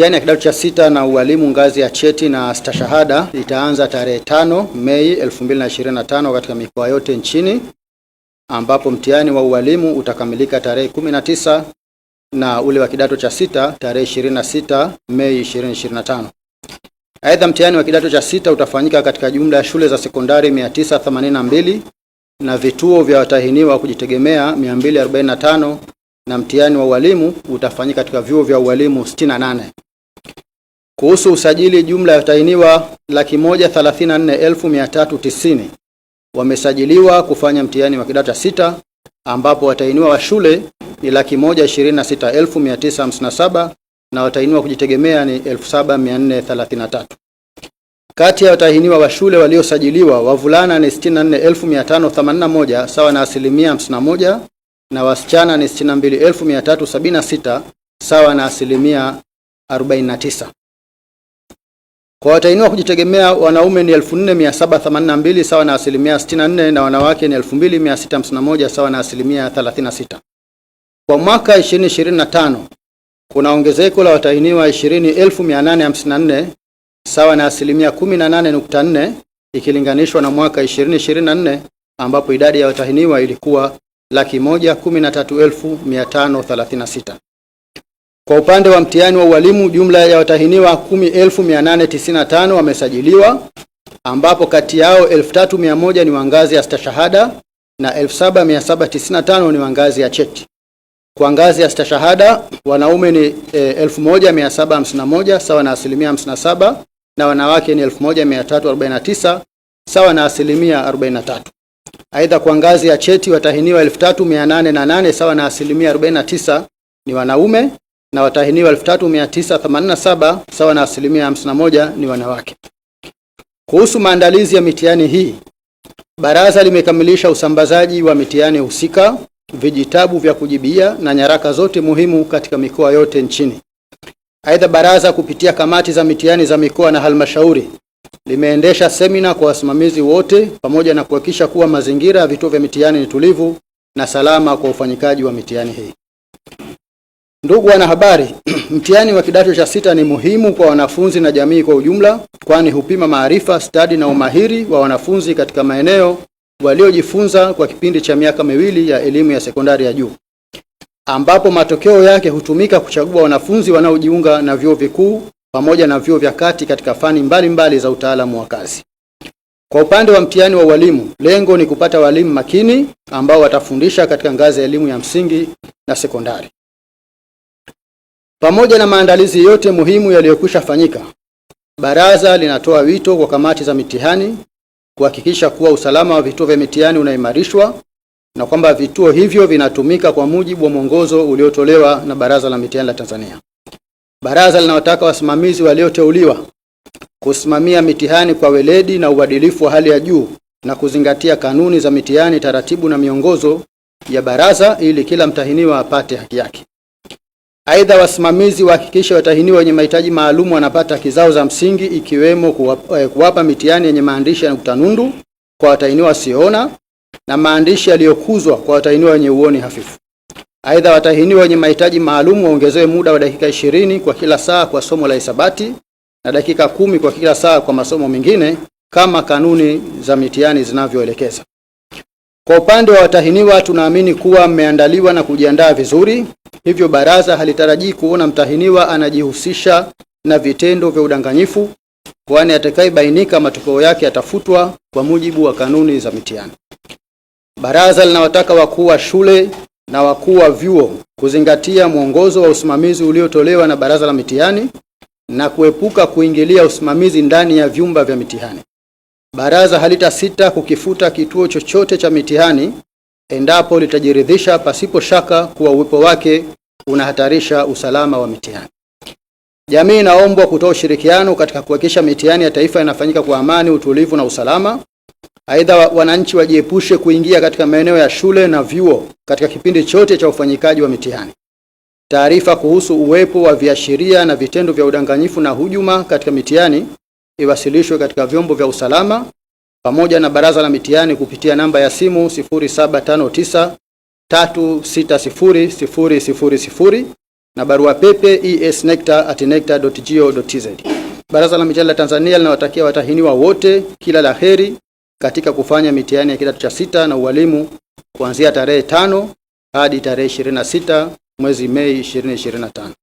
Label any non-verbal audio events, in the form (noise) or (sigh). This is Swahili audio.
Mitihani ya kidato cha sita na ualimu ngazi ya cheti na stashahada itaanza tarehe tano Mei 2025 katika mikoa yote nchini ambapo mtihani wa ualimu utakamilika tarehe 19 na ule wa kidato cha sita tarehe 26 Mei 2025. Aidha, mtihani wa kidato cha sita utafanyika katika jumla ya shule za sekondari 982 na vituo vya watahiniwa kujitegemea 245 na mtihani wa ualimu utafanyika katika vyuo vya ualimu 68. Kuhusu usajili, jumla ya watahiniwa 134,390 wamesajiliwa kufanya mtihani wa kidato cha sita, ambapo watahiniwa wa shule ni 126,957 na watahiniwa kujitegemea ni 7,433. Kati ya watahiniwa wa shule waliosajiliwa wavulana ni 64,581 sawa na asilimia 51 na wasichana ni 62,376 sawa na asilimia 49. Kwa watahiniwa kujitegemea wanaume ni 4782 sawa na asilimia 64 na wanawake ni 2651 sawa na asilimia 36. Kwa mwaka 2025 kuna ongezeko la watahiniwa 20854 sawa na asilimia 18.4 ikilinganishwa na mwaka 2024 ambapo idadi ya watahiniwa ilikuwa laki 113536 kwa upande wa mtihani wa ualimu, jumla ya watahiniwa 10895 wamesajiliwa, ambapo kati yao 3100 ni wa ngazi ya stashahada na 7795 ni wa ngazi ya cheti. Kwa ngazi ya stashahada wanaume ni 1751 eh, sawa na asilimia 57 na wanawake ni 1349 sawa na asilimia 43. Aidha, kwa ngazi ya cheti watahiniwa 3808 sawa na asilimia 49 ni wanaume na watahiniwa 3987 sawa na asilimia 51 ni wanawake. Kuhusu maandalizi ya mitihani hii, baraza limekamilisha usambazaji wa mitihani husika, vijitabu vya kujibia na nyaraka zote muhimu katika mikoa yote nchini. Aidha, baraza kupitia kamati za mitihani za mikoa na halmashauri limeendesha semina kwa wasimamizi wote pamoja na kuhakikisha kuwa mazingira ya vituo vya mitihani ni tulivu na salama kwa ufanyikaji wa mitihani hii. Ndugu wanahabari, (clears throat) mtihani wa kidato cha sita ni muhimu kwa wanafunzi na jamii kwa ujumla, kwani hupima maarifa, stadi na umahiri wa wanafunzi katika maeneo waliojifunza kwa kipindi cha miaka miwili ya elimu ya sekondari ya juu, ambapo matokeo yake hutumika kuchagua wanafunzi wanaojiunga na vyuo vikuu pamoja na vyuo vya kati katika fani mbalimbali mbali za utaalamu wa kazi. Kwa upande wa mtihani wa walimu, lengo ni kupata walimu makini ambao watafundisha katika ngazi ya elimu ya msingi na sekondari. Pamoja na maandalizi yote muhimu yaliyokwisha fanyika, baraza linatoa wito kwa kamati za mitihani kuhakikisha kuwa usalama wa vituo vya mitihani unaimarishwa na kwamba vituo hivyo vinatumika kwa mujibu wa mwongozo uliotolewa na Baraza la Mitihani la Tanzania. Baraza linawataka wasimamizi walioteuliwa kusimamia mitihani kwa weledi na uadilifu wa hali ya juu na kuzingatia kanuni za mitihani, taratibu na miongozo ya baraza ili kila mtahiniwa apate haki yake. Aidha, wasimamizi wahakikishe watahiniwa wenye mahitaji maalum wanapata haki zao za msingi ikiwemo kuwapa eh, mitihani yenye maandishi ya nukta nundu kwa watahiniwa wasioona na maandishi yaliyokuzwa kwa watahiniwa wenye uoni hafifu. Aidha, watahiniwa wenye mahitaji maalum waongezewe muda wa dakika ishirini kwa kila saa kwa somo la hisabati na dakika kumi kwa kila saa kwa masomo mengine kama kanuni za mitihani zinavyoelekeza. Kwa upande wa watahiniwa, tunaamini kuwa mmeandaliwa na kujiandaa vizuri Hivyo baraza halitarajii kuona mtahiniwa anajihusisha na vitendo vya udanganyifu, kwani atakayebainika matokeo yake yatafutwa kwa mujibu wa kanuni za mitihani. Baraza linawataka wakuu wa shule na wakuu wa vyuo kuzingatia mwongozo wa usimamizi uliotolewa na baraza la mitihani na kuepuka kuingilia usimamizi ndani ya vyumba vya mitihani. Baraza halitasita kukifuta kituo chochote cha mitihani endapo litajiridhisha pasipo shaka kuwa uwepo wake unahatarisha usalama wa mitihani. Jamii inaombwa kutoa ushirikiano katika kuhakikisha mitihani ya taifa inafanyika kwa amani, utulivu na usalama. Aidha, wananchi wajiepushe kuingia katika maeneo ya shule na vyuo katika kipindi chote cha ufanyikaji wa mitihani. Taarifa kuhusu uwepo wa viashiria na vitendo vya udanganyifu na hujuma katika mitihani iwasilishwe katika vyombo vya usalama pamoja na baraza la mitihani kupitia namba ya simu 0759 360000 na barua pepe esnecta@necta.go.tz. Baraza la mitihani la Tanzania linawatakia watahiniwa wote kila la heri katika kufanya mitihani ya kidato cha sita na ualimu kuanzia tarehe tano hadi tarehe 26 mwezi Mei 2025.